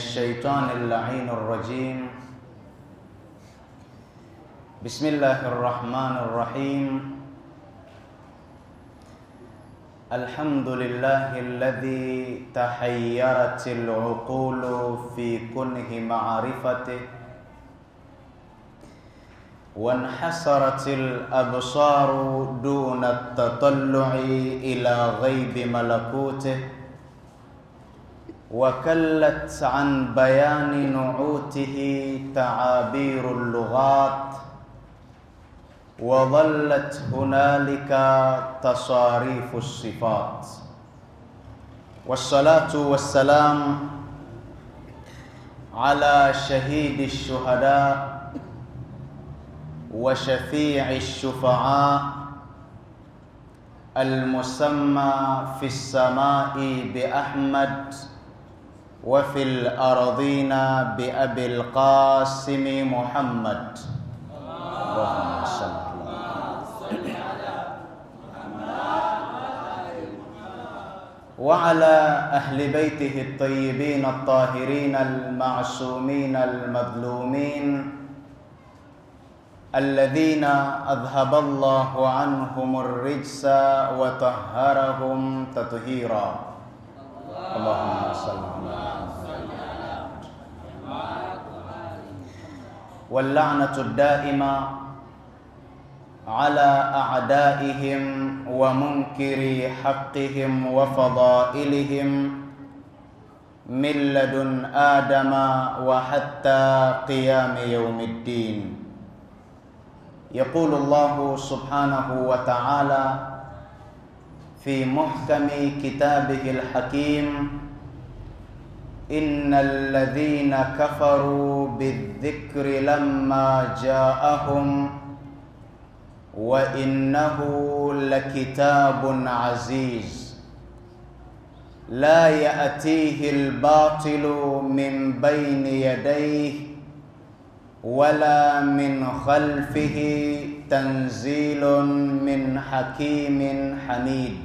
الشيطان اللعين الرجيم بسم الله الرحمن الرحيم الحمد لله الذي تحيرت العقول في كنه معرفته وانحسرت الابصار دون التطلع الى غيب ملكوته وكلت عن بيان نعوته تعابير اللغات وظلت هنالك تصاريف الصفات والصلاه والسلام على شهيد الشهداء وشفيع الشفعاء المسمى في السماء باحمد وفي الأرضين بأبي القاسم محمد اللهم صل وعلى أهل بيته الطيبين الطاهرين المعصومين المظلومين الذين أذهب الله عنهم الرجس وطهرهم تطهيراً اللهم صل على واللعنة الدائمة على أعدائهم ومنكر حقهم وفضائلهم من لدن آدم وحتى قيام يوم الدين يقول الله سبحانه وتعالى في محكم كتابه الحكيم إن الذين كفروا بالذكر لما جاءهم وإنه لكتاب عزيز لا يأتيه الباطل من بين يديه ولا من خلفه تنزيل من حكيم حميد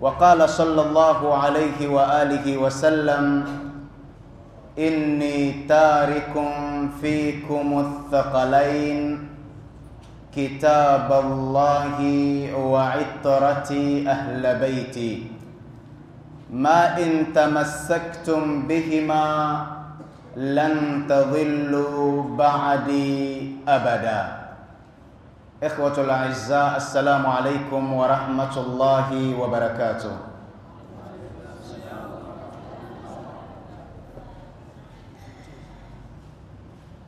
وقال صلى الله عليه واله وسلم اني تارك فيكم الثقلين كتاب الله وعطرتي اهل بيتي ما ان تمسكتم بهما لن تضلوا بعدي ابدا إخوة الأعزاء السلام عليكم ورحمة الله وبركاته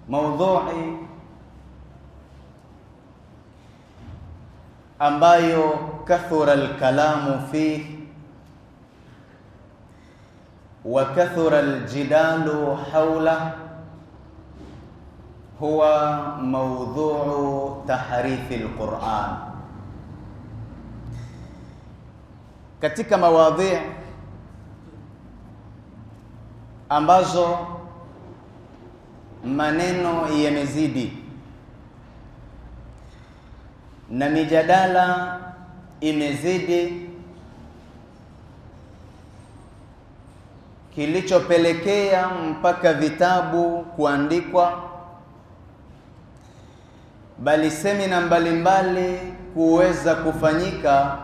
موضوعي أمبايو كثر الكلام فيه وكثر الجدال حوله huwa maudhuu tahrifi lquran. Katika mawadhi ambazo maneno yamezidi na mijadala imezidi, kilichopelekea mpaka vitabu kuandikwa bali semina mbalimbali kuweza kufanyika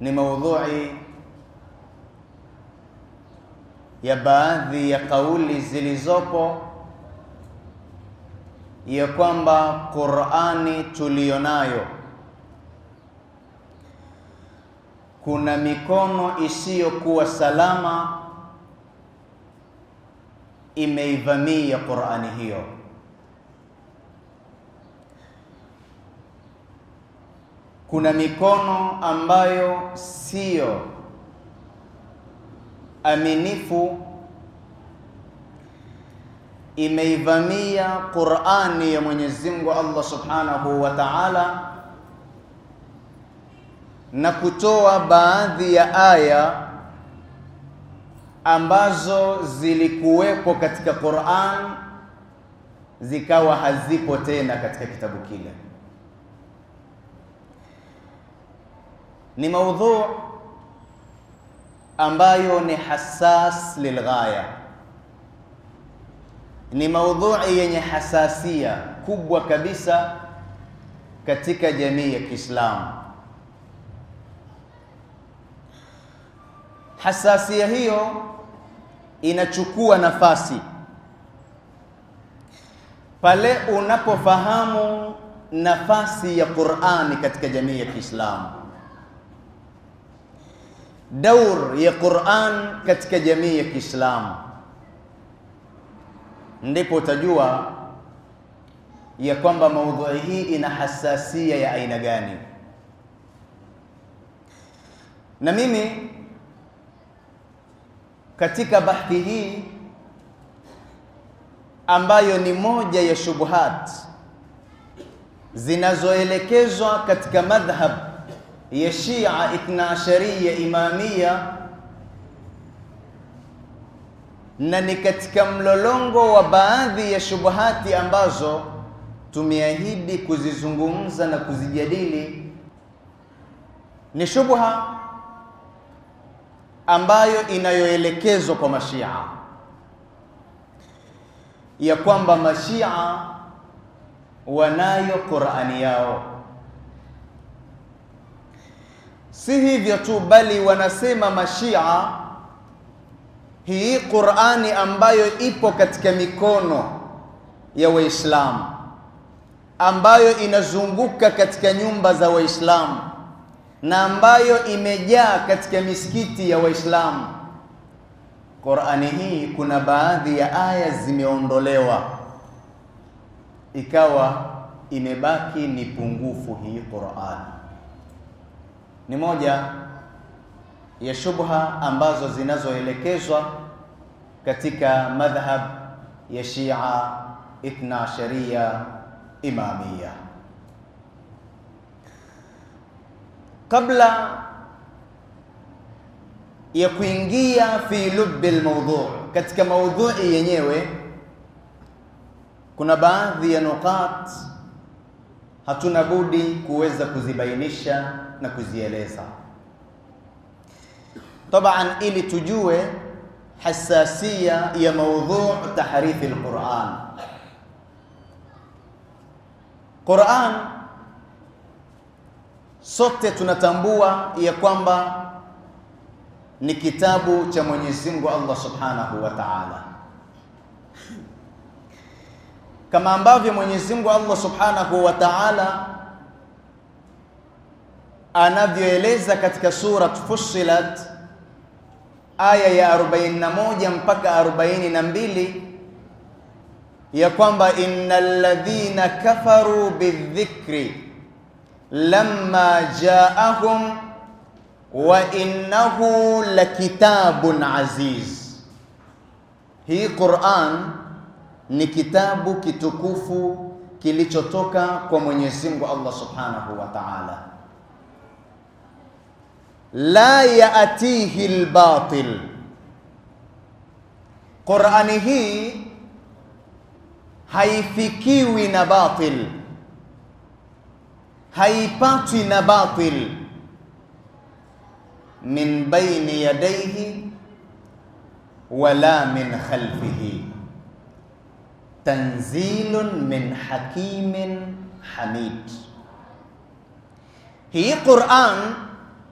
ni maudhui ya baadhi ya kauli zilizopo ya kwamba Qur'ani tuliyonayo kuna mikono isiyokuwa salama imeivamia Qur'ani hiyo. kuna mikono ambayo siyo aminifu imeivamia Qur'ani ya Mwenyezi Mungu Allah Subhanahu wa Ta'ala na kutoa baadhi ya aya ambazo zilikuwepo katika Qur'an zikawa hazipo tena katika kitabu kile. ni maudhu ambayo ni hassas lilghaya, ni maudhui yenye hasasia kubwa kabisa katika jamii ya Kiislamu. Hasasia hiyo inachukua nafasi pale unapofahamu nafasi ya Qur'ani katika jamii ya Kiislamu daur ya Qur'an katika jamii ya Kiislamu, ndipo utajua ya kwamba maudhui hii ina hasasia ya aina gani. Na mimi katika bahthi hii ambayo ni moja ya shubuhat zinazoelekezwa katika madhhab ya Shia Ithnaashariya Imamia na ni katika mlolongo wa baadhi ya shubuhati ambazo tumeahidi kuzizungumza na kuzijadili. Ni shubha ambayo inayoelekezwa kwa Mashia ya kwamba Mashia wanayo Qur'ani yao Si hivyo tu, bali wanasema mashia, hii Qur'ani ambayo ipo katika mikono ya Waislamu, ambayo inazunguka katika nyumba za Waislamu na ambayo imejaa katika misikiti ya Waislamu, Qur'ani hii kuna baadhi ya aya zimeondolewa, ikawa imebaki ni pungufu hii Qur'ani ni moja ya shubha ambazo zinazoelekezwa katika madhhab ya Shia Ithna Sharia Imamia. Kabla ya kuingia fi lubbi lmaudhu katika maudhui yenyewe, kuna baadhi ya nukat hatuna budi kuweza kuzibainisha na kuzieleza taban ili tujue hasasia ya maudhu tahrithi alquran Quran sote tunatambua ya kwamba ni kitabu cha Mwenyezi Mungu Allah Subhanahu wa Ta'ala. Kama ambavyo Mwenyezi Mungu Allah Subhanahu wa Ta'ala anavyoeleza katika surat Fussilat aya ya 41 mpaka 42 ya kwamba innal ladhina kafaru bidhikri lamma jaahum wa innahu lakitabun aziz. Hii Qur'an ni kitabu kitukufu kilichotoka kwa Mwenyezi Mungu Allah Subhanahu wa Ta'ala la yaatihi albatil. Qurani hii haifikiwi na batil, haipatwi na batil min baini yadaihi wala min khalfihi, tanzilun min hakimin hamid. Hii Quran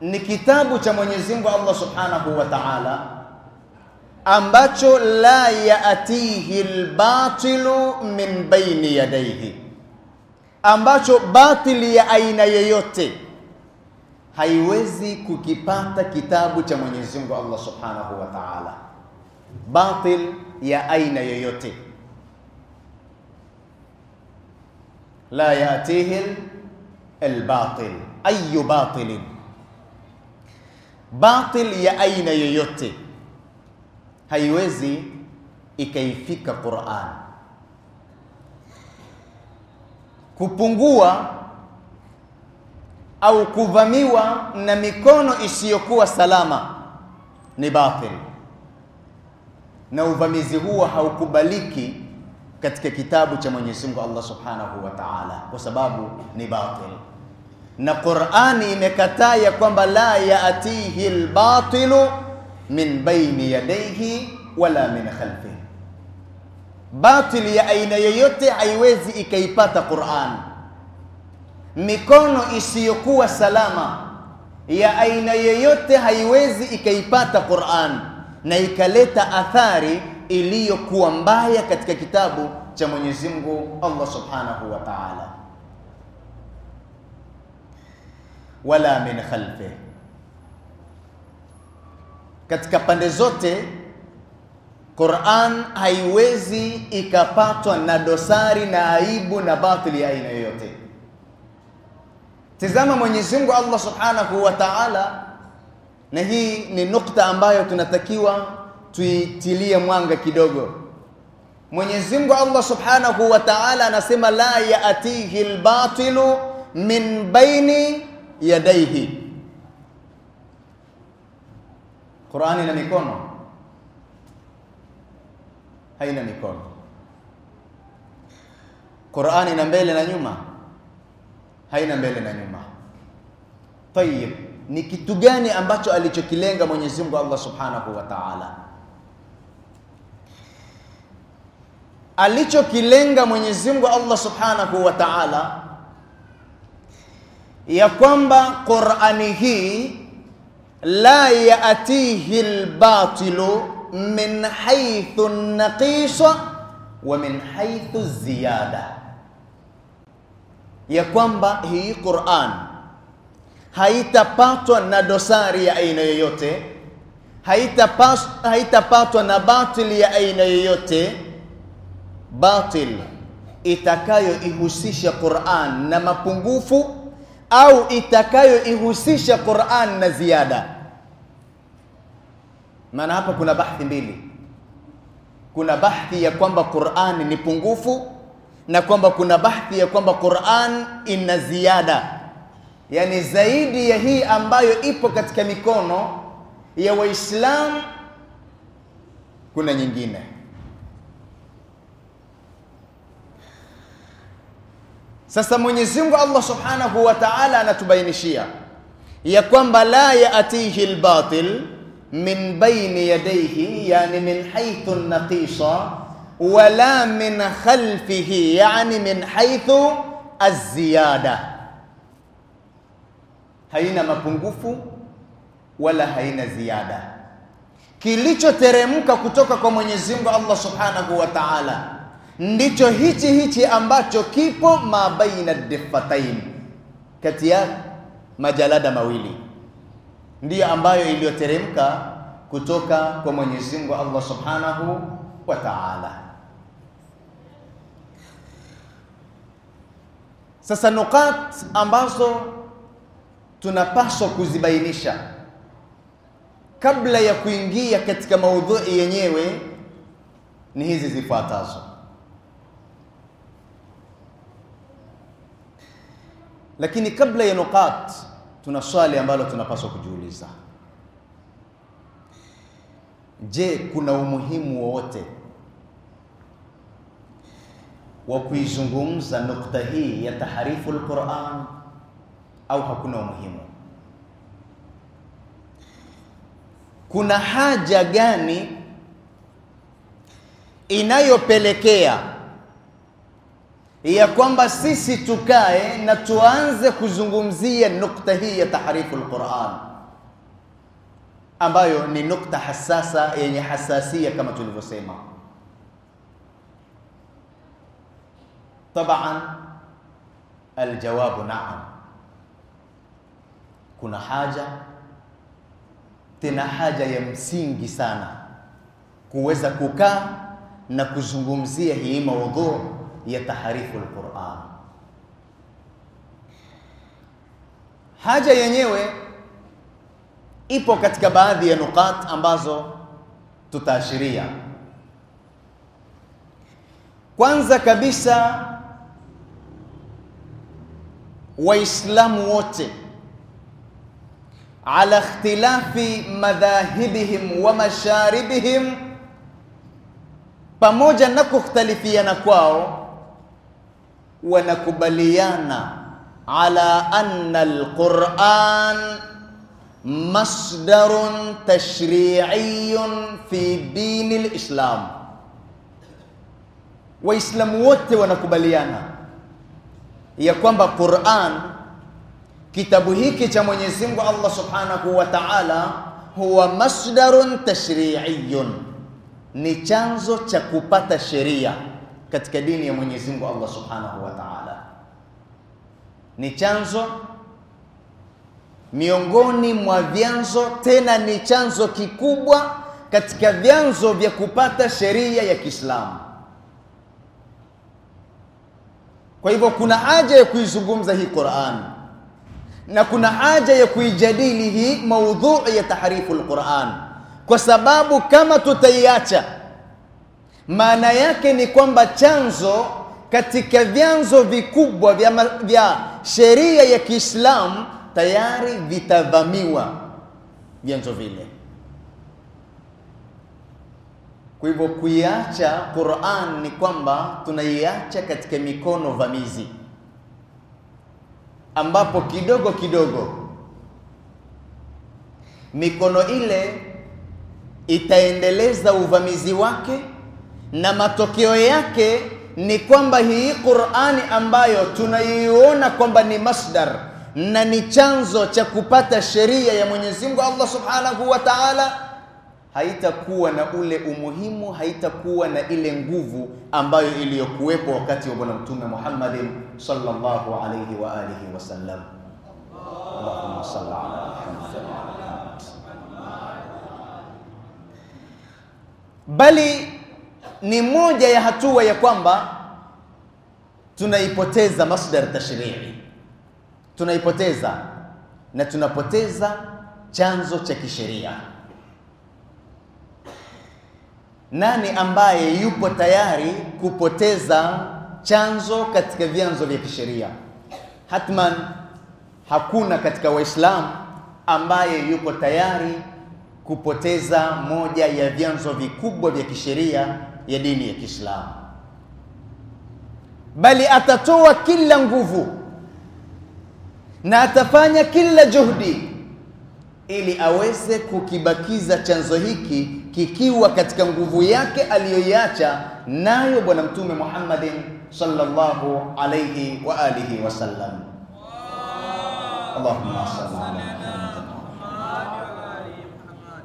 ni kitabu cha Mwenyezi Mungu Allah Subhanahu wa Ta'ala ambacho la yaatihi albatilu min baini yadayhi, ambacho batili ya aina yoyote haiwezi kukipata kitabu cha Mwenyezi Mungu Allah Subhanahu wa Ta'ala, batil ya aina yoyote la yaatihi albatil ayu batilin batil ya aina yoyote haiwezi ikaifika Qur'an. Kupungua au kuvamiwa na mikono isiyokuwa salama ni batil, na uvamizi huo haukubaliki katika kitabu cha Mwenyezi Mungu Allah Subhanahu wa Ta'ala, kwa sababu ni batil na Qur'ani imekataa ya kwamba la yaatihi lbatilu min baini yadayhi wala min khalfihi. Batili ya aina yoyote haiwezi ikaipata Qur'an. Mikono isiyokuwa salama ya aina yoyote haiwezi ikaipata Qur'an na ikaleta athari iliyokuwa mbaya katika kitabu cha Mwenyezi Mungu Allah Subhanahu wa Ta'ala. wala min khalfi, katika pande zote Qur'an haiwezi ikapatwa na dosari na aibu na batili ya aina yoyote. Tizama Mwenyezi Mungu Allah Subhanahu wa Ta'ala, na hii ni nukta ambayo tunatakiwa tuitilie mwanga kidogo. Mwenyezi Mungu Allah Subhanahu wa Ta'ala anasema la yaatihi lbatilu min baini yadaihi, Qur'ani ina mikono? Haina mikono. Qur'ani ina mbele na nyuma? Haina mbele na nyuma. Tayyib, ni kitu gani ambacho alichokilenga Mwenyezi Mungu Allah Subhanahu wa Ta'ala? Alichokilenga Mwenyezi Mungu Allah Subhanahu wa Ta'ala ya kwamba Qur'ani hii la yaatihi lbatilu min haythu naqisa wa min haythu ziyada, ya kwamba hii Qur'an haitapatwa na dosari ya aina yoyote, haitapatwa na batil ya aina yoyote, batil itakayoihusisha Qur'an na mapungufu au itakayoihusisha Qur'an na ziada. Maana hapa kuna bahthi mbili, kuna bahthi ya kwamba Qur'an ni pungufu na kwamba kuna bahthi ya kwamba Qur'an ina ziada, yaani zaidi ya hii ambayo ipo katika mikono ya Waislamu, kuna nyingine Sasa Mwenyezi Mungu Allah Subhanahu wa Ta'ala anatubainishia ya kwamba la yaatihi albatil min baini yadayhi, yani min haythu naqisa wala min khalfihi, yani min haythu aziyada, haina mapungufu wala haina ziyada Kilichoteremka kutoka kwa Mwenyezi Mungu Allah Subhanahu wa Ta'ala ndicho hichi hichi ambacho kipo mabaina dhifatain, kati ya majalada mawili, ndiyo ambayo iliyoteremka kutoka kwa Mwenyezi Mungu Allah Subhanahu wa Ta'ala. Sasa nukat ambazo tunapaswa kuzibainisha kabla ya kuingia katika maudhui yenyewe ni hizi zifuatazo. Lakini kabla ya nukat, tuna swali ambalo tunapaswa kujiuliza. Je, kuna umuhimu wowote wa kuizungumza nukta hii ya taharifu lquran au hakuna umuhimu? Kuna haja gani inayopelekea ya kwamba sisi tukae na tuanze kuzungumzia nukta hii ya tahrifu alquran ambayo ni nukta hasasa yenye hasasia kama tulivyosema. Taban aljawabu naam, kuna haja tena haja ya msingi sana kuweza kukaa na kuzungumzia hii maudhu ya taharifu alquran. Haja yenyewe ipo katika baadhi ya nukat ambazo tutaashiria. Kwanza kabisa, Waislamu wote ala ikhtilafi madhahibihim wa masharibihim, pamoja na kukhtalifiana kwao wanakubaliana ala anna alquran masdarun tashri'iyun fi dini lislam. Waislamu wote wanakubaliana ya kwamba Quran, kitabu hiki cha Mwenyezi Mungu Allah Subhanahu wa Ta'ala, huwa masdarun tashri'iyun, ni chanzo cha kupata sheria katika dini ya Mwenyezi Mungu Allah Subhanahu wa Ta'ala. Ni chanzo miongoni mwa vyanzo, tena ni chanzo kikubwa katika vyanzo vya kupata sheria ya Kiislamu. Kwa hivyo kuna haja ya kuizungumza hii Qur'an na kuna haja ya kuijadili hii maudhui ya tahrifu al-Qur'an, kwa sababu kama tutaiacha maana yake ni kwamba chanzo katika vyanzo vikubwa vya, vya sheria ya Kiislamu tayari vitavamiwa vyanzo vile. Kwa hivyo kuiacha Qur'an ni kwamba tunaiacha katika mikono vamizi, ambapo kidogo kidogo mikono ile itaendeleza uvamizi wake na matokeo yake ni kwamba hii Qur'ani ambayo tunaiona kwamba ni masdar na ni chanzo cha kupata sheria ya Mwenyezi Mungu Allah Subhanahu wa Ta'ala haitakuwa na ule umuhimu, haitakuwa na ile nguvu ambayo iliyokuwepo wakati wa Bwana Mtume Muhammad sallallahu alayhi wa alihi wasallam. Allahumma salli ala Muhammad. Bali ni moja ya hatua ya kwamba tunaipoteza masdar tashrii, tunaipoteza na tunapoteza chanzo cha kisheria. Nani ambaye yupo tayari kupoteza chanzo katika vyanzo vya kisheria? Hatman, hakuna katika Waislamu ambaye yupo tayari kupoteza moja ya vyanzo vikubwa vya kisheria ya dini ya Kiislamu, bali atatoa kila nguvu na atafanya kila juhudi ili aweze kukibakiza chanzo hiki kikiwa katika nguvu yake aliyoiacha nayo Bwana Mtume Muhammadin sallallahu alayhi wa alihi wasallam. Allahumma salli ala Muhammad.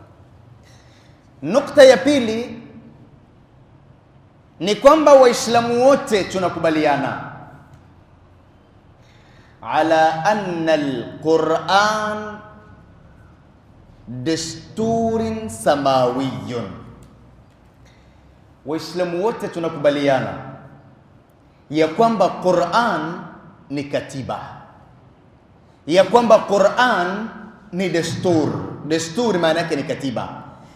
Nukta ya pili ni kwamba waislamu wote tunakubaliana ala anna alquran desturin samawiyun, waislamu wote tunakubaliana ya kwamba Quran ni katiba, ya kwamba Quran ni desturi. Desturi maana yake ni katiba,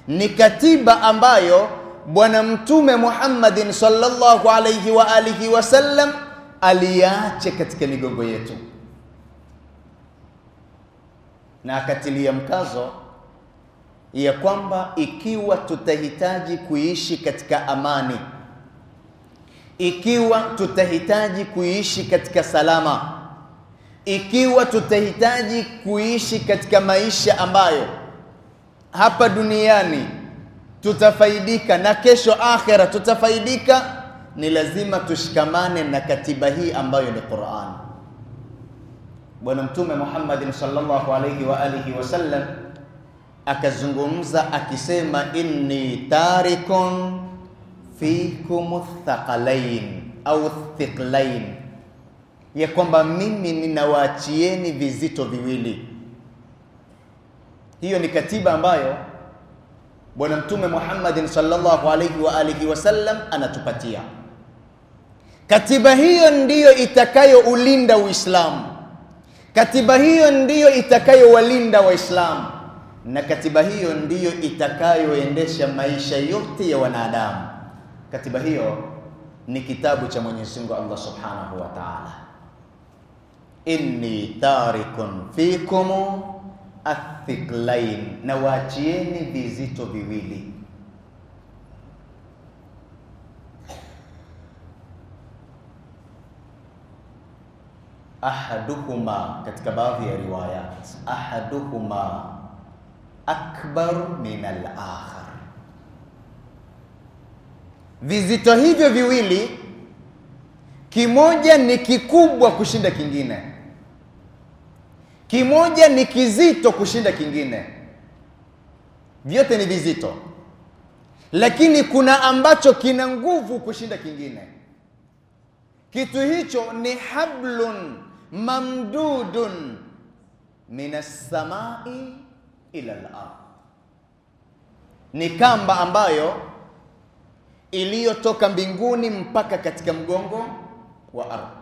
ni katiba ambayo Bwana Mtume Muhammadin sallallahu alayhi wa alihi wasallam aliache katika migongo yetu, na akatilia mkazo ya kwamba ikiwa tutahitaji kuishi katika amani, ikiwa tutahitaji kuishi katika salama, ikiwa tutahitaji kuishi katika maisha ambayo hapa duniani tutafaidika na kesho akhera tutafaidika, ni lazima tushikamane na katiba hii ambayo ni Qur'an. Bwana Mtume Muhammad sallallahu alayhi wa alihi wasallam akazungumza akisema, inni tarikun fikum thaqalain au thiqlain, ya kwamba mimi ninawaachieni vizito viwili. Hiyo ni katiba ambayo Bwana Mtume Muhammadin sallallahu alayhi wa alihi wasallam anatupatia katiba. Hiyo ndiyo itakayoulinda Uislamu, katiba hiyo ndiyo itakayowalinda Waislamu, na katiba hiyo ndiyo itakayoendesha maisha yote ya wanadamu. Katiba hiyo ni kitabu cha Mwenyezi Mungu Allah Subhanahu wa Ta'ala, inni tarikun fikum athiklain, na waachieni vizito viwili. Ahaduhuma, katika baadhi ya riwaya ahaduhuma akbar min al-akhar, vizito hivyo viwili, kimoja ni kikubwa kushinda kingine. Kimoja ni kizito kushinda kingine, vyote ni vizito, lakini kuna ambacho kina nguvu kushinda kingine. Kitu hicho ni hablun mamdudun min alsamai ila lard ni kamba ambayo iliyotoka mbinguni mpaka katika mgongo wa ardhi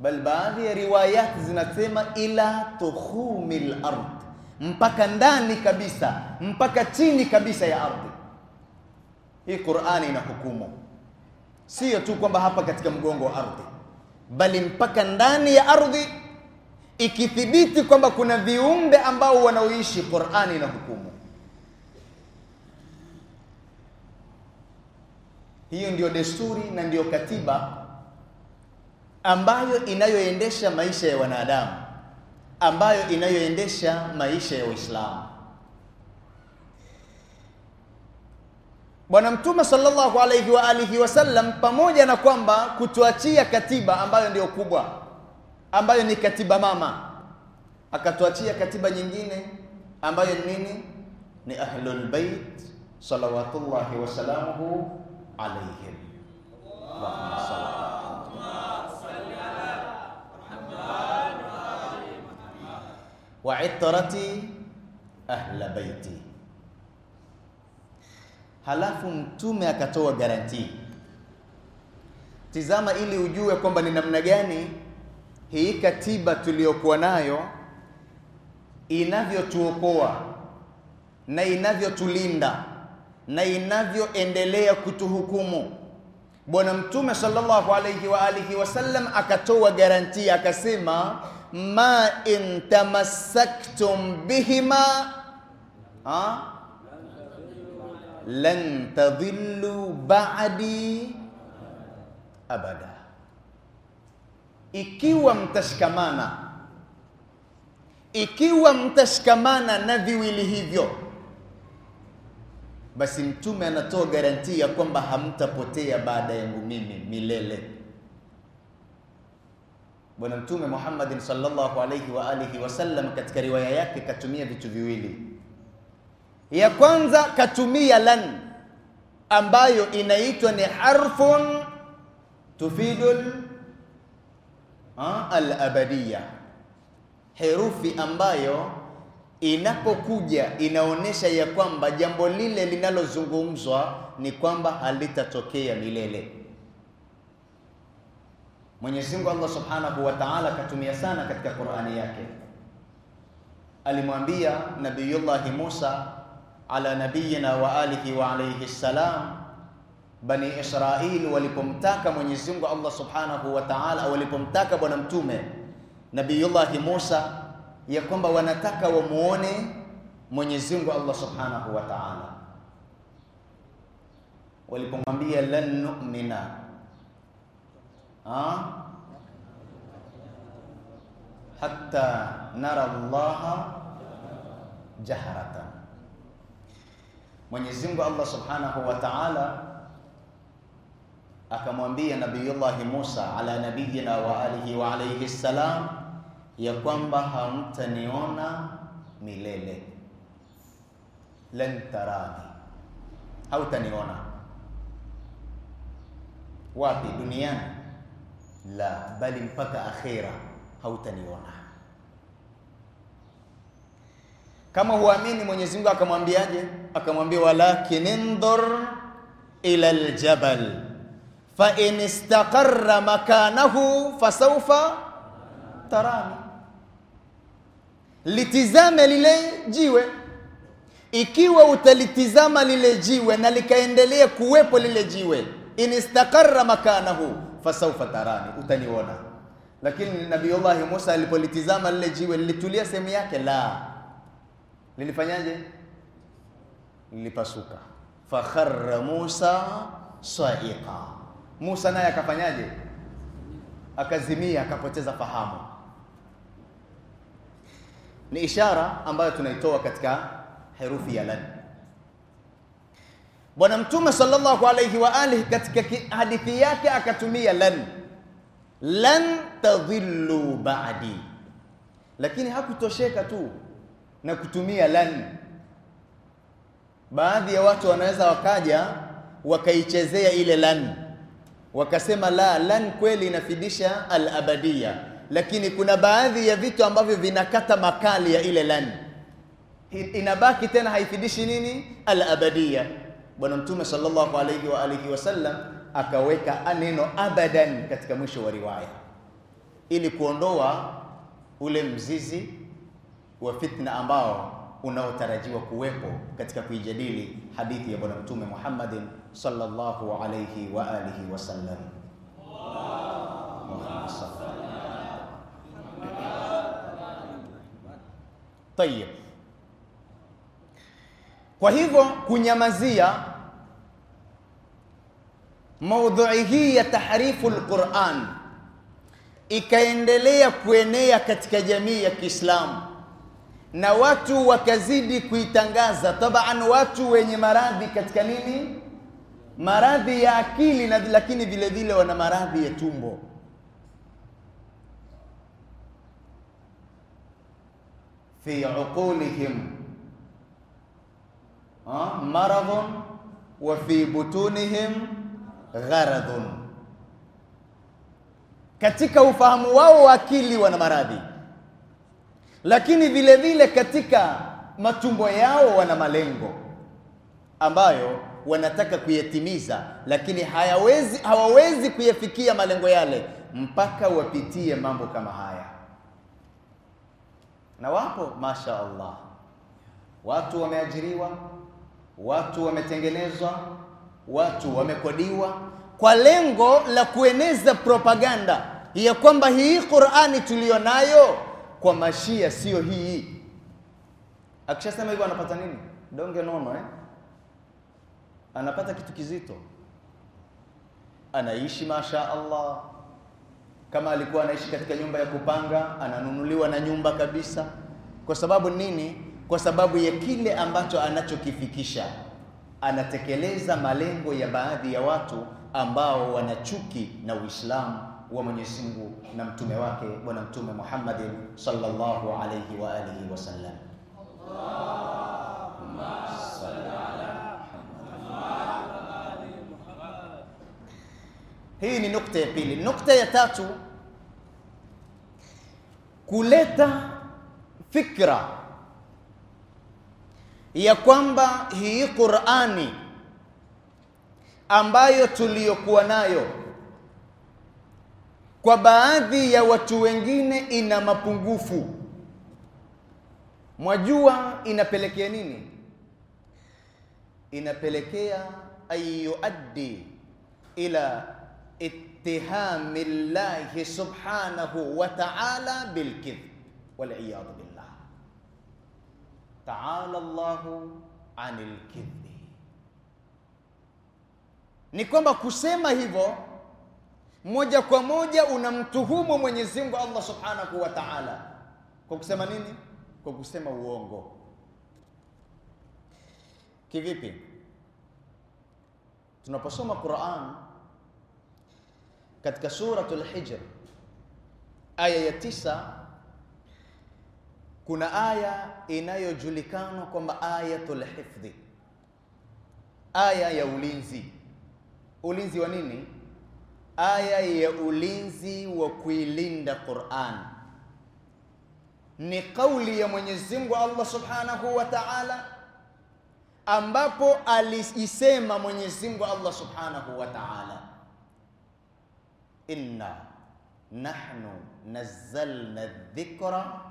bal baadhi ya riwayati zinasema ila tuhumil ardh, mpaka ndani kabisa, mpaka chini kabisa ya ardhi. Hii Qur'ani ina hukumu, sio tu kwamba hapa katika mgongo wa ardhi, bali mpaka ndani ya ardhi. Ikithibiti kwamba kuna viumbe ambao wanaoishi, Qur'ani ina hukumu. Hiyo ndiyo desturi na ndiyo katiba ambayo inayoendesha maisha ya wanadamu, ambayo inayoendesha maisha ya Uislamu. Bwana Mtume sallallahu alayhi wa alihi wasallam, pamoja na kwamba kutuachia katiba ambayo ndiyo kubwa, ambayo ni katiba mama, akatuachia katiba nyingine ambayo ni nini? Ni Ahlul Bait salawatullahi wasalamuhu alayhim. Allahumma salli wa itrati ahla baiti. Halafu mtume akatoa garantii. Tizama ili ujue kwamba ni namna gani hii katiba tuliyokuwa nayo inavyotuokoa na inavyotulinda na inavyoendelea kutuhukumu. Bwana Mtume sallallahu alayhi wa alihi wasallam akatoa garanti akasema ma in tamassaktum bihima ha? lan tadhillu ba'di abada, ikiwa mtashikamana, ikiwa mtashikamana na viwili hivyo, basi Mtume anatoa garantia kwamba hamtapotea baada yangu mimi milele. Bwana Mtume Muhammad sallallahu alayhi wa alihi wasallam katika riwaya yake katumia vitu viwili. Ya kwanza katumia lan ambayo inaitwa ni harfun tufidul al-abadiyya, herufi ambayo inapokuja inaonyesha ya kwamba jambo lile linalozungumzwa ni kwamba halitatokea milele. Mwenyezi Mungu Allah Subhanahu wa Ta'ala akatumia sana katika Qur'ani yake. Alimwambia Nabiyullah Musa ala nabiyina wa alihi wa alayhi salam, Bani israil walipomtaka Mwenyezi Mungu Allah Subhanahu wa Ta'ala, walipomtaka bwana mtume Nabiyullah Musa ya kwamba wanataka wamuone Mwenyezi Mungu Allah Subhanahu wa Ta'ala, walipomwambia lan nu'mina hatta nara llaha jaharatan. Mwenyezi Mungu Allah Subhanahu wa Ta'ala akamwambia Nabiyullahi Musa ala nabiyina wa alihi wa alayhi salam ya kwamba hamtaniona milele, lan tarani, hautaniona wapi? Duniani la bali mpaka akhira hautaniona. Kama huamini, Mwenyezi Mungu akamwambiaje? Akamwambia, walakin indhur ila aljabal fa in istaqarra makanahu fasawfa tarani, litizame lile jiwe ikiwa utalitizama lile jiwe na likaendelea kuwepo lile jiwe, in istaqarra makanahu fasaufa tarani, utaniona. Lakini Nabiullahi Musa alipolitizama lile jiwe lilitulia sehemu yake, la lilifanyaje? Lilipasuka. Fakharra Musa saiqa, Musa naye akafanyaje? Akazimia, akapoteza fahamu. Ni ishara ambayo tunaitoa katika herufi ya lan Bwana Mtume sallallahu alayhi wa alihi katika hadithi yake akatumia lan lan tadhillu ba'di, lakini hakutosheka tu na kutumia lan. Baadhi ya watu wanaweza wakaja wakaichezea ile lan wakasema la lan kweli inafidisha al-abadiya, lakini kuna baadhi ya vitu ambavyo vinakata makali ya ile lan, inabaki tena haifidishi nini al-abadiya Bwana Mtume sallallahu alayhi wa alihi wasallam akaweka neno abadan katika mwisho wa riwaya ili kuondoa ule mzizi wa fitna ambao unaotarajiwa kuwepo katika kuijadili hadithi ya Bwana Mtume Muhammadin sallallahu alayhi wa alihi wasallam. Tayeb, kwa hivyo kunyamazia maudhui hii ya tahrifu lquran ikaendelea kuenea katika jamii ya Kiislamu na watu wakazidi kuitangaza. Taban, watu wenye maradhi katika nini, maradhi ya akili na lakini vile vile wana maradhi ya tumbo. fi uqulihim maradhun wa fi butunihim gharadhun, katika ufahamu wao wa akili wana maradhi, lakini vile vile katika matumbo yao wana malengo ambayo wanataka kuyatimiza, lakini hayawezi, hawawezi kuyafikia malengo yale mpaka wapitie mambo kama haya. Na wapo masha Allah, watu wameajiriwa, watu wametengenezwa watu wamekodiwa kwa lengo la kueneza propaganda ya kwamba hii Qur'ani tuliyo nayo kwa mashia sio hii. Akishasema hivyo anapata nini? Donge nono eh? Anapata kitu kizito. Anaishi masha Allah kama alikuwa anaishi katika nyumba ya kupanga, ananunuliwa na nyumba kabisa. Kwa sababu nini? Kwa sababu ya kile ambacho anachokifikisha anatekeleza malengo ya baadhi ya watu ambao wana chuki na Uislamu wa Mwenyezi Mungu na mtume wake Bwana Mtume Muhammad sallallahu alayhi wa alihi wasallam. Allahumma salli ala Muhammad. Hii ni nukta ya pili. Nukta ya tatu kuleta fikra ya kwamba hii Qur'ani ambayo tuliyokuwa nayo kwa baadhi ya watu wengine ina mapungufu. Mwajua inapelekea nini? Inapelekea ayuaddi ila ittihami llahi subhanahu wa ta'ala bilkidhb wal billah taala llahu anil kidhi, ni kwamba kusema hivyo moja kwa moja unamtuhumu Mwenyezi Mungu Allah subhanahu wa taala kwa kusema nini? Kwa kusema uongo. Kivipi? Tunaposoma Quran katika suratul Hijr aya ya tisa kuna aya inayojulikana kwamba ayatul hifdhi, aya ya ulinzi. Ulinzi wa nini? Aya ya ulinzi wa kuilinda Qur'an. Ni kauli ya Mwenyezi Mungu Allah Subhanahu wa Ta'ala, ambapo aliisema Mwenyezi Mungu Allah Subhanahu wa Ta'ala, inna nahnu nazzalna dhikra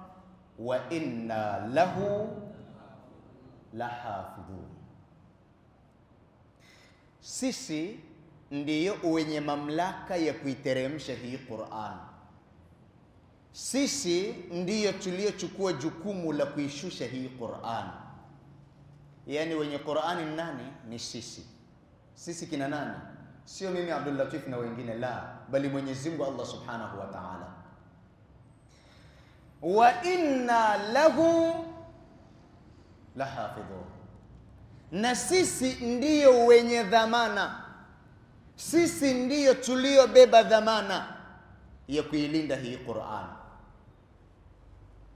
wa inna lahu lahafidhun, sisi ndiyo wenye mamlaka ya kuiteremsha hii Qur'an, sisi ndiyo tuliochukua jukumu la kuishusha hii Qur'an. Yaani wenye Qur'ani ni nani? Ni sisi. Sisi kina nani? Sio mimi Abdul Latif na wengine, la bali Mwenyezi Mungu Allah Subhanahu wa Ta'ala wa inna lahu lahafidhun, na sisi ndiyo wenye dhamana, sisi ndiyo tuliobeba dhamana ya kuilinda hii Qur'an.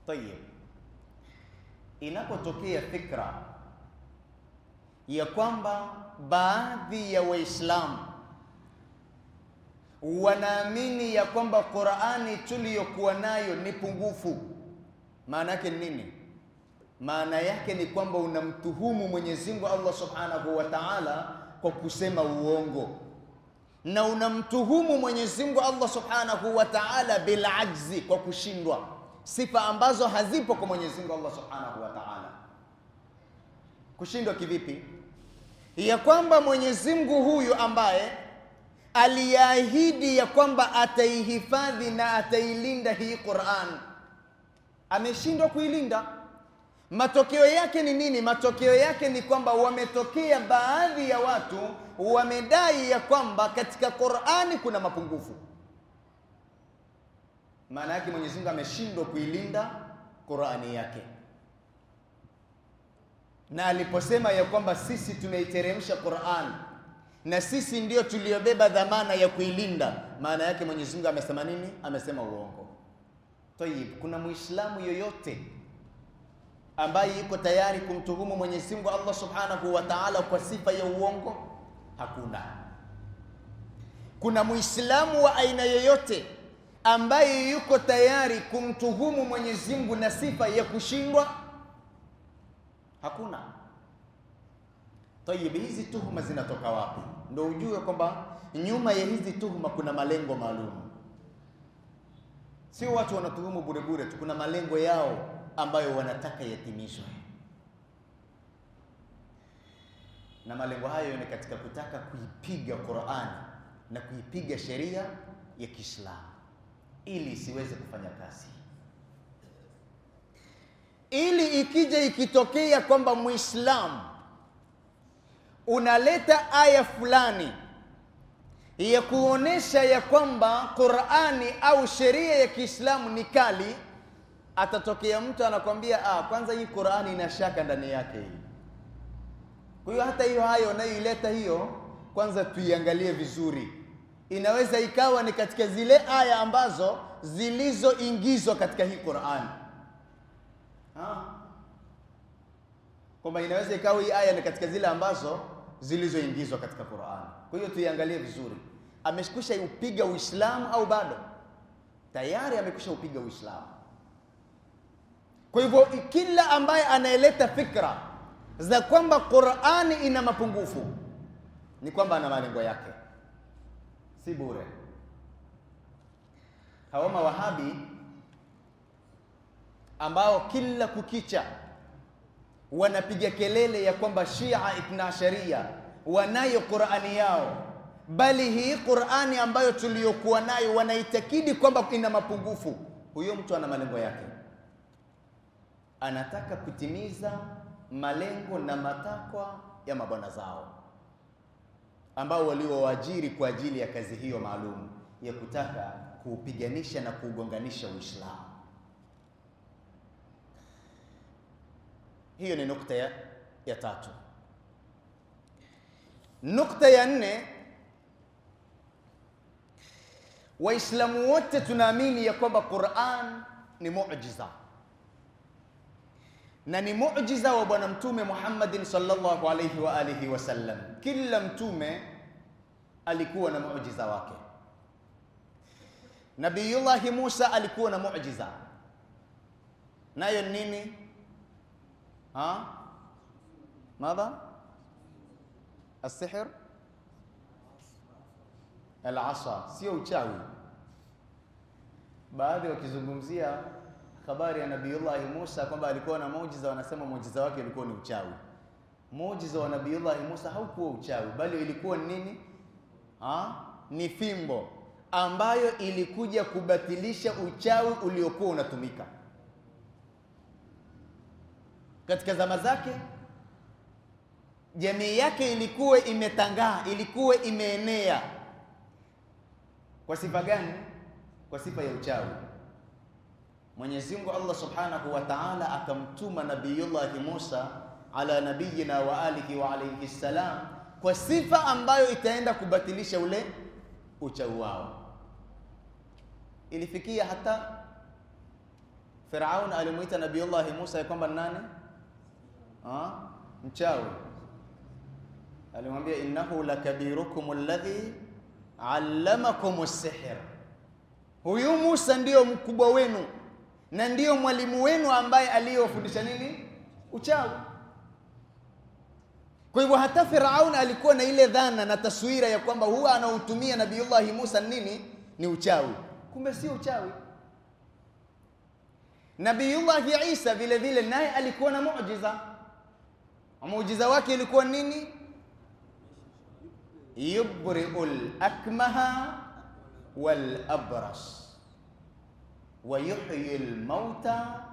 Tayeb, inapotokea fikra ya kwamba baadhi ya Waislamu wanaamini ya kwamba Qur'ani tuliyokuwa nayo ni pungufu. Maana yake ni nini? Maana yake ni kwamba unamtuhumu Mwenyezi Mungu Allah Subhanahu wa Ta'ala kwa kusema uongo na unamtuhumu Mwenyezi Mungu Allah Subhanahu wa Ta'ala bil ajzi, kwa kushindwa, sifa ambazo hazipo kwa Mwenyezi Mungu Allah Subhanahu wa Ta'ala. Kushindwa kivipi? Ya kwamba Mwenyezi Mungu huyu ambaye aliahidi ya kwamba ataihifadhi na atailinda hii Qur'an. Ameshindwa kuilinda. Matokeo yake ni nini? Matokeo yake ni kwamba wametokea baadhi ya watu wamedai ya kwamba katika Qur'ani kuna mapungufu. Maana yake Mwenyezi Mungu ameshindwa kuilinda Qur'ani yake, na aliposema ya kwamba sisi tumeiteremsha qurani na sisi ndio tuliobeba dhamana ya kuilinda. Maana yake Mwenyezi Mungu amesema nini? Amesema uongo. Tayib, kuna muislamu yoyote ambaye yuko tayari kumtuhumu Mwenyezi Mungu Allah Subhanahu wa Ta'ala kwa sifa ya uongo? Hakuna. Kuna muislamu wa aina yoyote ambaye yuko tayari kumtuhumu Mwenyezi Mungu na sifa ya kushindwa? Hakuna. Tayib, hizi tuhuma zinatoka wapi? Ndio ujue kwamba nyuma ya hizi tuhuma kuna malengo maalum. Sio watu wanatuhumu bure bure tu, kuna malengo yao ambayo wanataka yatimishwe, na malengo hayo ni katika kutaka kuipiga Qur'ani na kuipiga sheria ya Kiislamu ili isiweze kufanya kazi, ili ikija ikitokea kwamba Muislamu unaleta aya fulani ya kuonesha ya kwamba Qur'ani au sheria ya Kiislamu ni kali, atatokea mtu anakwambia ah, kwanza hii Qur'ani ina shaka ndani yake hii. Kwa hiyo hata hiyo hayo unayoileta hiyo, kwanza tuiangalie vizuri. Inaweza ikawa ni katika zile aya ambazo zilizoingizwa katika hii Qur'ani ah. kwamba inaweza ikawa hii aya ni katika zile ambazo zilizoingizwa katika Qur'an. Kwa hiyo tuiangalie vizuri, amekwisha upiga Uislamu au bado? Tayari amekwisha upiga Uislamu. Kwa hivyo kila ambaye anayeleta fikra za kwamba Qur'ani ina mapungufu ni kwamba ana malengo yake, si bure. Hawa mawahabi ambao kila kukicha wanapiga kelele ya kwamba Shia Ithnasharia wanayo Qur'ani yao, bali hii Qur'ani ambayo tuliyokuwa nayo wanaitakidi kwamba ina mapungufu. Huyo mtu ana malengo yake, anataka kutimiza malengo na matakwa ya mabwana zao ambao waliowaajiri kwa ajili ya kazi hiyo maalum ya kutaka kuupiganisha na kuugonganisha Uislamu. hiyo ni nukta ya, ya tatu nukta ya nne waislamu wote tunaamini ya kwamba quran ni mujiza na ni mujiza wa bwana mtume muhammadin salllahu alaihi wa alihi wasallam kila mtume alikuwa na mujiza wake nabiyullahi musa alikuwa na mujiza nayo nini ها ماذا السحر العصا sio uchawi baadhi wakizungumzia habari ya nabiullahi Musa kwamba alikuwa na mujiza wanasema mujiza wake ulikuwa ni uchawi mujiza wa Nabiiullah Musa haukuwa uchawi bali ilikuwa nini ha? ni fimbo ambayo ilikuja kubatilisha uchawi uliokuwa unatumika katika zama zake jamii yake ilikuwa imetangaa, ilikuwa imeenea. Kwa sifa gani? Kwa sifa ya uchawi. Mwenyezi Mungu Allah Subhanahu wa Ta'ala akamtuma Nabiyullah Musa ala nabiyina wa alihi wa alayhi salam kwa sifa ambayo itaenda kubatilisha ule uchawi wao. Ilifikia hata Firaun alimuita Nabiyullah Musa ya kwamba nani ha? mchawi alimwambia innahu lakabirukum alladhi allamakum sihr, huyu Musa ndiyo mkubwa wenu na ndiyo mwalimu wenu ambaye aliyofundisha nini? Uchawi. Kwa hivyo hata Firaun alikuwa na ile dhana na taswira ya kwamba huwa anautumia Nabiullahi Musa nini? Ni uchawi. Kumbe sio uchawi. Nabiullahi Isa vile vile naye alikuwa na muujiza muujiza wake ilikuwa nini? yubriul akmaha wal abras wa yuhyi lmauta mauta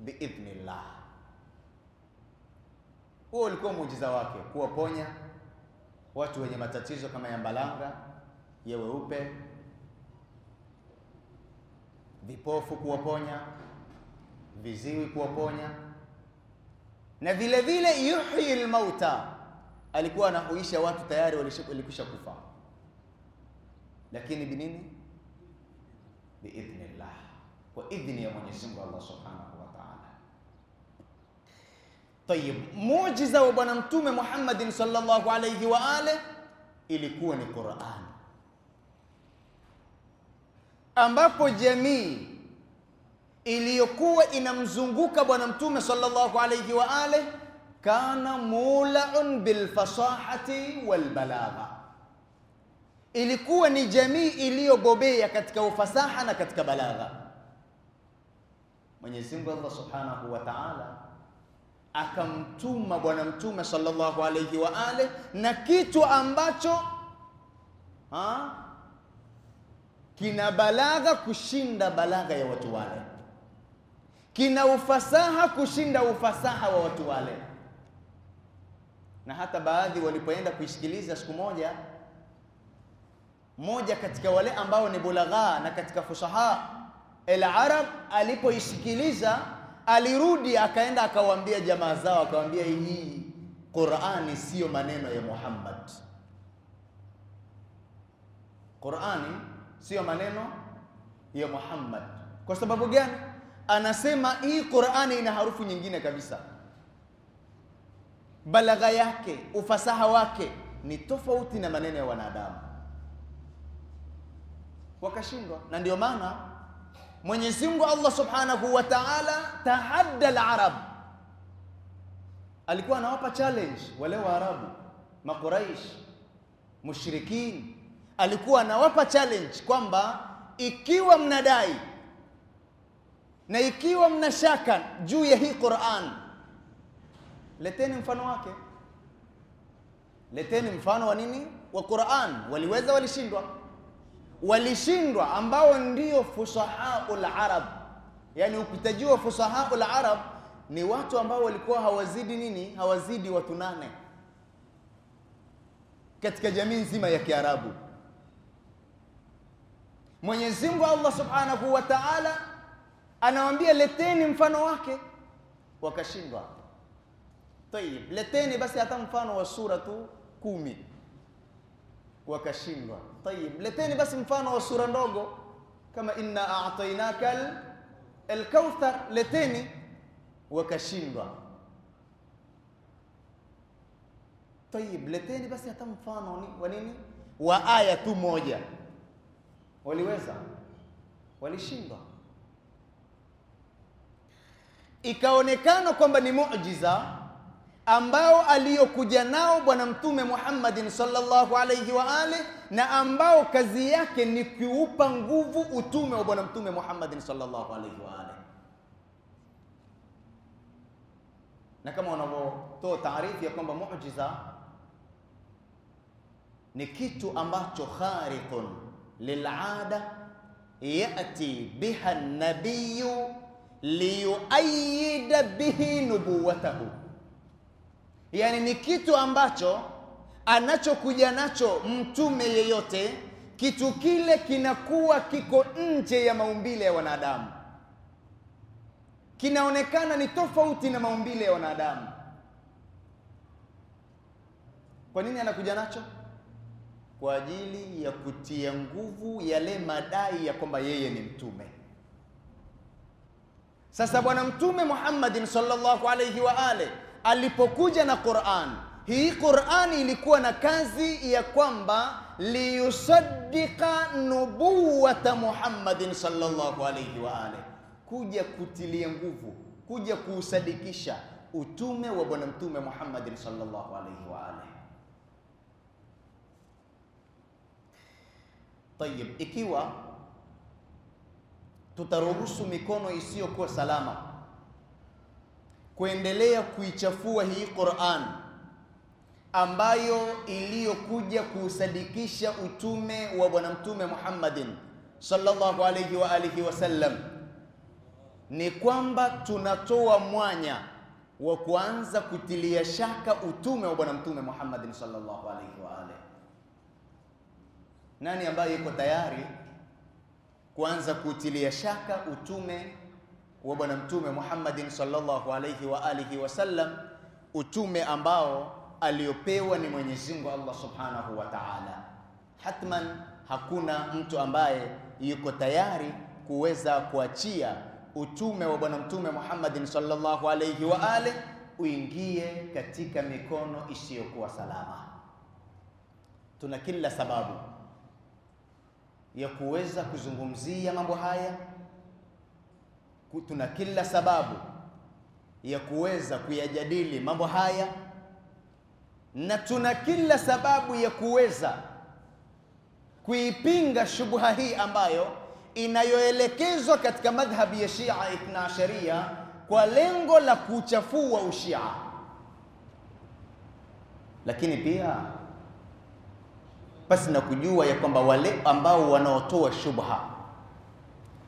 biidhnillah. Huo ulikuwa muujiza wake, kuwaponya watu wenye matatizo kama ya mbalanga, ya weupe, vipofu kuwaponya, viziwi kuwaponya na vile vile yuhyi lmauta, alikuwa anahuisha watu tayari walikwisha kufa, lakini binini? Biidhnillah, kwa idhni ya Mwenyezi Mungu Allah subhanahu wa taala. Tayib, muujiza wa Bwana Mtume Muhammadin sallallahu alayhi wa ale ilikuwa ni qurani ambapo jamii iliyokuwa inamzunguka Bwana Mtume sallallahu alayhi wa alihi kana mulaun bilfasahati walbalagha, ilikuwa ni jamii iliyobobea katika ufasaha na katika balagha. Mwenyezi Mungu Allah subhanahu wa ta'ala akamtuma Bwana Mtume sallallahu alayhi wa alihi na kitu ambacho ha, kina balagha kushinda balagha ya watu wale kina ufasaha kushinda ufasaha wa watu wale. Na hata baadhi walipoenda kuisikiliza siku moja, moja katika wale ambao ni bulagha na katika fusaha el Arab, alipoisikiliza alirudi akaenda akawaambia jamaa zao, akawaambia hii Qur'ani siyo maneno ya Muhammad. Qur'ani siyo maneno ya Muhammad. Kwa sababu gani? anasema hii Qur'ani ina harufu nyingine kabisa. Balagha yake, ufasaha wake ni tofauti na maneno ya wanadamu, wakashindwa. Na ndio maana Mwenyezi Mungu Allah Subhanahu wa Ta'ala, tahadda al-arab, alikuwa anawapa challenge wale Waarabu, Maquraish, mushrikin, alikuwa anawapa challenge kwamba ikiwa mnadai na ikiwa mna shaka juu ya hii Qur'an, leteni mfano wake. Leteni mfano wa nini? Wa Qur'an. Waliweza, walishindwa? Walishindwa, ambao ndio fusahaul arab. Yani ukitajua fusahaul arab ni watu ambao walikuwa hawazidi nini? Hawazidi watu nane katika jamii nzima ya Kiarabu. Mwenyezi Mungu Allah Subhanahu wa Ta'ala anawambia leteni mfano wake wakashindwa tayib leteni basi hata mfano wa sura tu kumi wakashindwa tayib leteni basi mfano wa sura ndogo kama inna a'tainaka alkauthar leteni wakashindwa tayib leteni basi hata mfano ni wa nini wa aya tu moja waliweza walishindwa ikaonekana kwamba ni mujiza ambao aliyokuja nao Bwana Mtume Muhammadin sallallahu alayhi wa alihi, na ambao kazi yake ni kuupa nguvu utume wa Bwana Mtume Muhammadin sallallahu alayhi wa alihi. Na kama wanavyotoa taarifu ya kwamba mujiza ni kitu ambacho khariqun lilada yati biha nabiyu liyuayida bihi nubuwatahu, yani ni kitu ambacho anachokuja nacho mtume yeyote, kitu kile kinakuwa kiko nje ya maumbile ya wanadamu, kinaonekana ni tofauti na maumbile ya wanadamu. Kwa nini anakuja nacho? Kwa ajili ya kutia nguvu yale madai ya kwamba yeye ni mtume. Sasa Bwana Mtume Muhammadin sallallahu alayhi wa ale alipokuja na Qur'an, hii Qur'ani ilikuwa na kazi ya kwamba liyusaddiqa nubuwata Muhammadin sallallahu alayhi wa ale, kuja kutilia nguvu, kuja kuusadikisha utume wa Bwana Mtume Muhammadin sallallahu alayhi wa ale. Tayib, ikiwa tutaruhusu mikono isiyokuwa salama kuendelea kuichafua hii Qur'an ambayo iliyokuja kuusadikisha utume wa Bwana Mtume Muhammadin sallallahu alayhi wa alihi wasallam, ni kwamba tunatoa mwanya wa kuanza kutilia shaka utume wa Bwana Mtume Muhammadin sallallahu alayhi wa alihi. Nani ambaye yuko tayari kuanza kuutilia shaka utume wa Bwana Mtume Muhammadin sallallahu alayhi wa alihi wasallam, utume ambao aliopewa ni Mwenyezi Mungu Allah subhanahu wa ta'ala. Hatman, hakuna mtu ambaye yuko tayari kuweza kuachia utume wa Bwana Mtume Muhammadin sallallahu alayhi wa alihi uingie katika mikono isiyokuwa salama. Tuna kila sababu ya kuweza kuzungumzia mambo haya. Tuna kila sababu ya kuweza kuyajadili mambo haya na tuna kila sababu ya kuweza kuipinga shubha hii ambayo inayoelekezwa katika madhhabi ya Shia Ithna Asharia kwa lengo la kuchafua ushia, lakini pia basi na kujua ya kwamba wale ambao wanaotoa shubha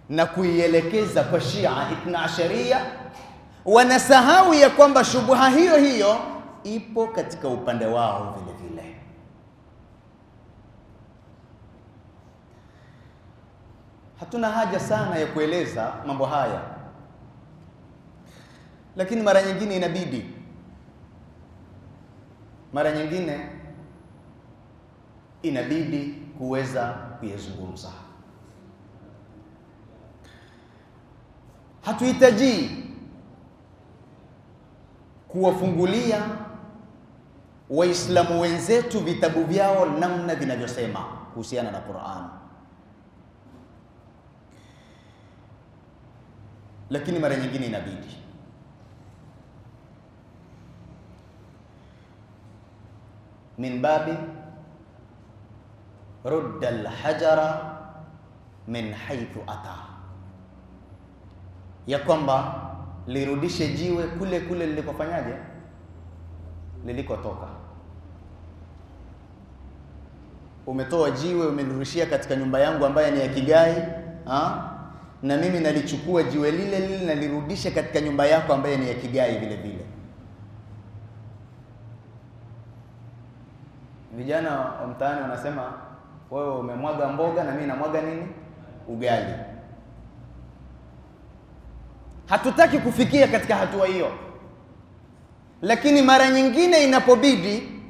na kuielekeza kwa Shia Ithna Asharia wanasahau ya kwamba shubha hiyo hiyo ipo katika upande wao vile vile. Hatuna haja sana ya kueleza mambo haya, lakini mara nyingine inabidi, mara nyingine inabidi kuweza kuyazungumza. Hatuhitaji kuwafungulia Waislamu wenzetu vitabu vyao namna vinavyosema kuhusiana na Qur'an. Lakini mara nyingine inabidi. Min babi rudda lhajara min haithu ata, ya kwamba lirudishe jiwe kule kule lilikofanyaje, lilikotoka. Umetoa jiwe umenirushia katika nyumba yangu ambayo ni ya kigai ha? na mimi nalichukua jiwe lile lile nalirudisha katika nyumba yako ambayo ni ya kigai vile vile. Vijana wa mtaani wanasema kwa hiyo umemwaga mboga na mimi namwaga nini? Ugali. Hatutaki kufikia katika hatua hiyo, lakini mara nyingine inapobidi,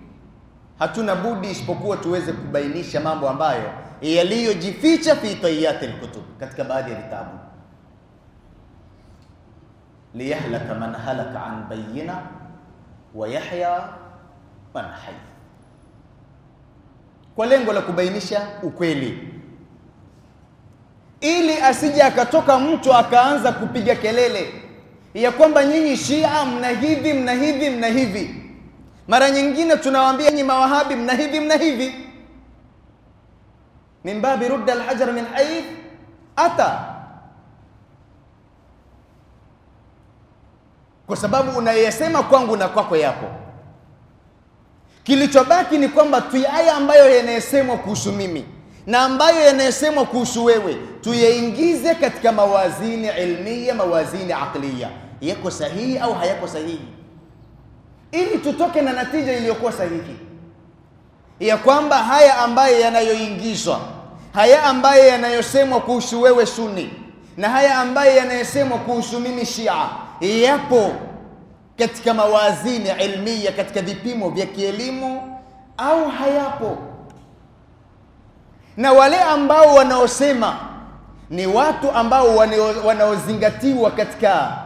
hatuna budi isipokuwa tuweze kubainisha mambo ambayo yaliyojificha fi tayyatil kutub, katika baadhi ya vitabu liyahlaka man halaka an bayina wa yahya man hayya kwa lengo la kubainisha ukweli, ili asije akatoka mtu akaanza kupiga kelele ya kwamba nyinyi Shia mna hivi mna hivi mna hivi. Mara nyingine tunawaambia nyinyi mawahabi mna hivi mna hivi, min babi rudda alhajar min haith ata kwa sababu unayesema kwangu na kwako yapo Kilichobaki ni kwamba haya ambayo yanayesemwa kuhusu mimi na ambayo yanayosemwa kuhusu wewe tuyaingize katika mawazini ilmiya, mawazini aqliya, yako sahihi au hayako sahihi, ili tutoke na natija iliyokuwa sahihi ya kwamba haya ambayo yanayoingizwa, haya ambayo yanayosemwa kuhusu wewe Sunni na haya ambayo yanayosemwa kuhusu mimi Shia yapo katika mawazini ilmiya, katika vipimo vya kielimu au hayapo? Na wale ambao wanaosema ni watu ambao wanaozingatiwa katika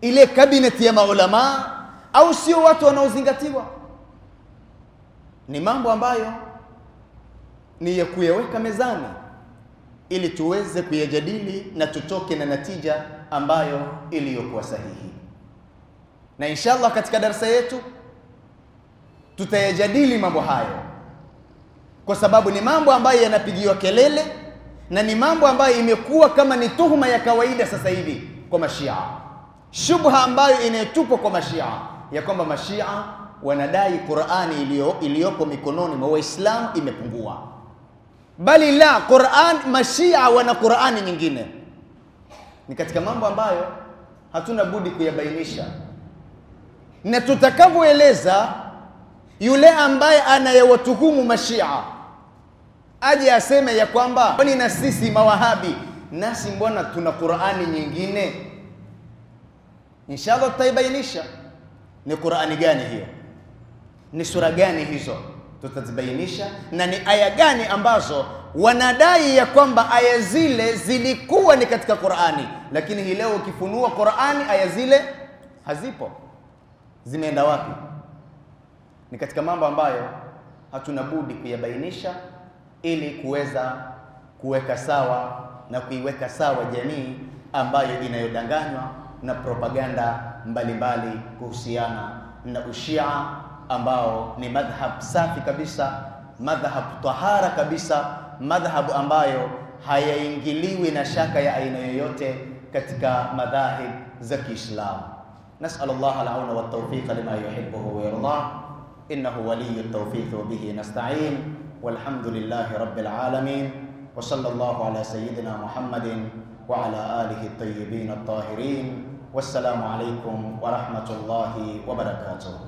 ile kabineti ya maulamaa au sio watu wanaozingatiwa? Ni mambo ambayo ni ya kuyaweka mezani ili tuweze kuyajadili na tutoke na natija ambayo iliyokuwa sahihi na inshallah katika darasa yetu tutayajadili mambo hayo, kwa sababu ni mambo ambayo yanapigiwa kelele na ni mambo ambayo imekuwa kama ni tuhuma ya kawaida sasa hivi kwa mashia, shubha ambayo inayotupwa kwa mashia ya kwamba mashia wanadai Qur'ani iliyo mikononi mwa Waislamu imepungua, bali la Qur'an, mashia wana Qur'ani nyingine. Ni katika mambo ambayo hatuna budi kuyabainisha na tutakavyoeleza yule ambaye anayewatuhumu mashia aje aseme ya kwamba ni na sisi mawahabi nasi mbona tuna Qur'ani nyingine? Inshallah tutaibainisha ni Qur'ani gani hiyo, ni sura gani hizo, tutazibainisha na ni aya gani ambazo wanadai ya kwamba aya zile zilikuwa ni katika Qur'ani, lakini hii leo ukifunua Qur'ani aya zile hazipo zimeenda wapi? Ni katika mambo ambayo hatuna budi kuyabainisha ili kuweza kuweka sawa na kuiweka sawa jamii ambayo inayodanganywa na propaganda mbalimbali kuhusiana na ushia ambao ni madhhab safi kabisa, madhhab tahara kabisa, madhhabu ambayo hayaingiliwi na shaka ya aina yoyote katika madhahib za Kiislamu. نسأل الله العون والتوفيق لما يحبه ويرضاه إنه ولي التوفيق وبه نستعين والحمد لله رب العالمين وصلى الله على سيدنا محمد وعلى آله الطيبين الطاهرين والسلام عليكم ورحمة الله وبركاته